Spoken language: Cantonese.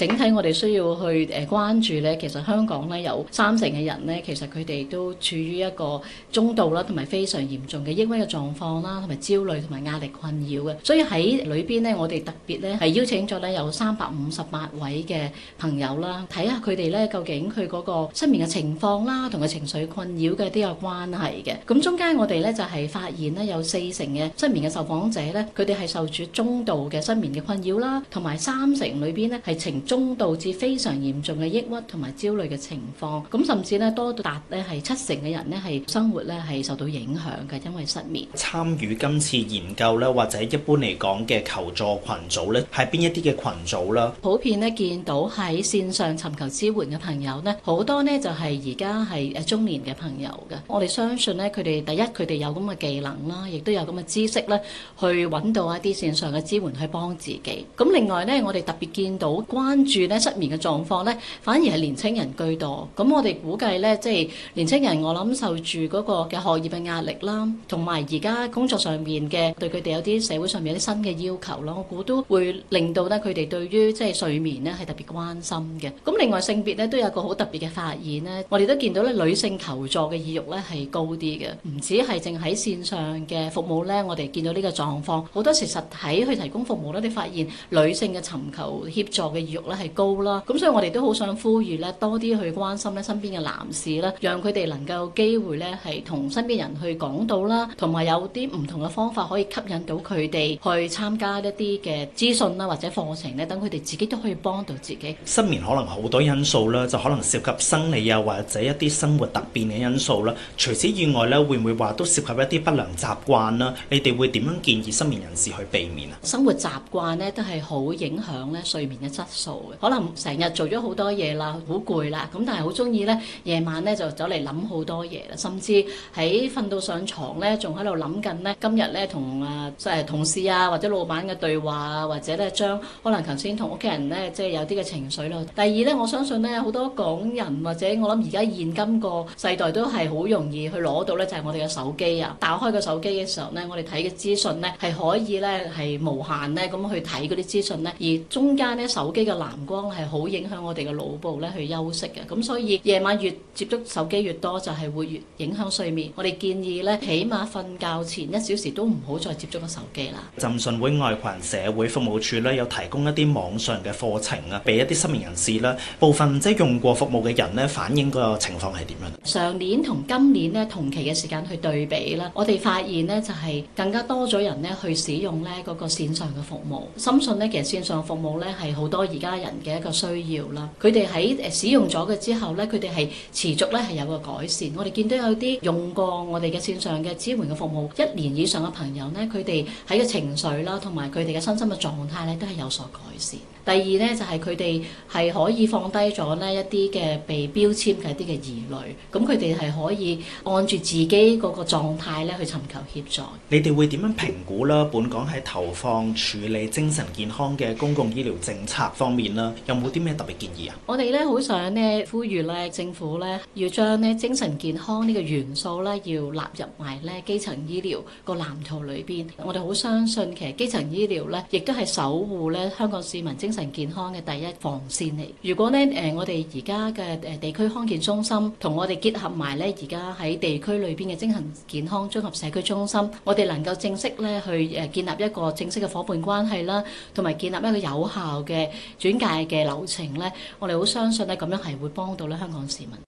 整體我哋需要去誒關注咧，其實香港咧有三成嘅人咧，其實佢哋都處於一個中度啦，同埋非常嚴重嘅抑鬱嘅狀況啦，同埋焦慮同埋壓力困擾嘅。所以喺裏邊呢，我哋特別咧係邀請咗咧有三百五十八位嘅朋友啦，睇下佢哋咧究竟佢嗰個失眠嘅情況啦，同佢情緒困擾嘅都有關係嘅。咁中間我哋咧就係發現咧有四成嘅失眠嘅受訪者咧，佢哋係受住中度嘅失眠嘅困擾啦，同埋三成裏邊咧係情中導致非常嚴重嘅抑鬱同埋焦慮嘅情況，咁甚至呢多達呢係七成嘅人呢係生活呢係受到影響嘅，因為失眠。參與今次研究呢或者一般嚟講嘅求助群組呢，係邊一啲嘅群組啦？普遍呢見到喺線上尋求支援嘅朋友呢，好多呢就係而家係誒中年嘅朋友嘅。我哋相信呢，佢哋第一佢哋有咁嘅技能啦，亦都有咁嘅知識呢，去揾到一啲線上嘅支援去幫自己。咁另外呢，我哋特別見到關住咧失眠嘅狀況咧，反而係年青人居多。咁我哋估計咧，即係年青人，我諗受住嗰個嘅學業嘅壓力啦，同埋而家工作上面嘅對佢哋有啲社會上面有啲新嘅要求咯，我估都會令到咧佢哋對於即係睡眠咧係特別關心嘅。咁另外性別咧都有個好特別嘅發現咧，我哋都見到咧女性求助嘅意欲咧係高啲嘅，唔止係淨喺線上嘅服務咧，我哋見到呢個狀況好多時實體去提供服務咧，你發現女性嘅尋求協助嘅意欲係高啦，咁所以我哋都好想呼籲咧，多啲去關心咧身邊嘅男士咧，讓佢哋能夠有機會咧係同身邊人去講到啦，同埋有啲唔同嘅方法可以吸引到佢哋去參加一啲嘅資訊啦或者課程咧，等佢哋自己都可以幫到自己。失眠可能好多因素啦，就可能涉及生理啊或者一啲生活突變嘅因素啦。除此以外咧，會唔會話都涉及一啲不良習慣啦？你哋會點樣建議失眠人士去避免啊？生活習慣咧都係好影響咧睡眠嘅質素。可能成日做咗好多嘢啦，好攰啦，咁但係好中意呢，夜晚呢就走嚟諗好多嘢啦，甚至喺瞓到上床呢，仲喺度諗緊呢。今日呢，同啊即係同事啊或者老闆嘅對話啊，或者呢將可能頭先同屋企人呢，即係有啲嘅情緒咯。第二呢，我相信呢，好多港人或者我諗而家現今個世代都係好容易去攞到呢，就係我哋嘅手機啊。打開個手機嘅時候呢，我哋睇嘅資訊呢，係可以呢，係無限呢，咁去睇嗰啲資訊呢。而中間呢，手機嘅。藍光係好影響我哋嘅腦部咧去休息嘅，咁所以夜晚越接觸手機越多，就係會越影響睡眠。我哋建議咧，起碼瞓覺前一小時都唔好再接觸個手機啦。浸信會愛羣社會服務處咧有提供一啲網上嘅課程啊，俾一啲失眠人士咧，部分即係用過服務嘅人咧反映個情況係點樣？上年同今年咧同期嘅時間去對比啦，我哋發現咧就係更加多咗人咧去使用咧嗰個線上嘅服務。深信咧其實線上嘅服務咧係好多而家。家人嘅一個需要啦，佢哋喺使用咗嘅之後咧，佢哋係持續咧係有個改善。我哋見到有啲用過我哋嘅綫上嘅支援嘅服務，一年以上嘅朋友咧，佢哋喺個情緒啦，同埋佢哋嘅身心嘅狀態咧，都係有所改善。第二咧就係佢哋係可以放低咗呢一啲嘅被標籤嘅一啲嘅疑慮，咁佢哋係可以按住自己嗰個狀態咧去尋求協助。你哋會點樣評估啦？本港喺投放處理精神健康嘅公共醫療政策方面啦，有冇啲咩特別建議啊？我哋咧好想咧呼籲咧政府咧要將咧精神健康呢個元素咧要納入埋咧基層醫療個藍圖裏邊，我哋好相信其實基層醫療咧亦都係守護咧香港市民精。精神健康嘅第一防線嚟。如果呢，誒，我哋而家嘅誒地區康健中心同我哋結合埋咧，而家喺地區裏邊嘅精神健康綜合社區中心，我哋能夠正式咧去誒建立一個正式嘅伙伴關係啦，同埋建立一個有效嘅轉介嘅流程咧，我哋好相信咧，咁樣係會幫到咧香港市民。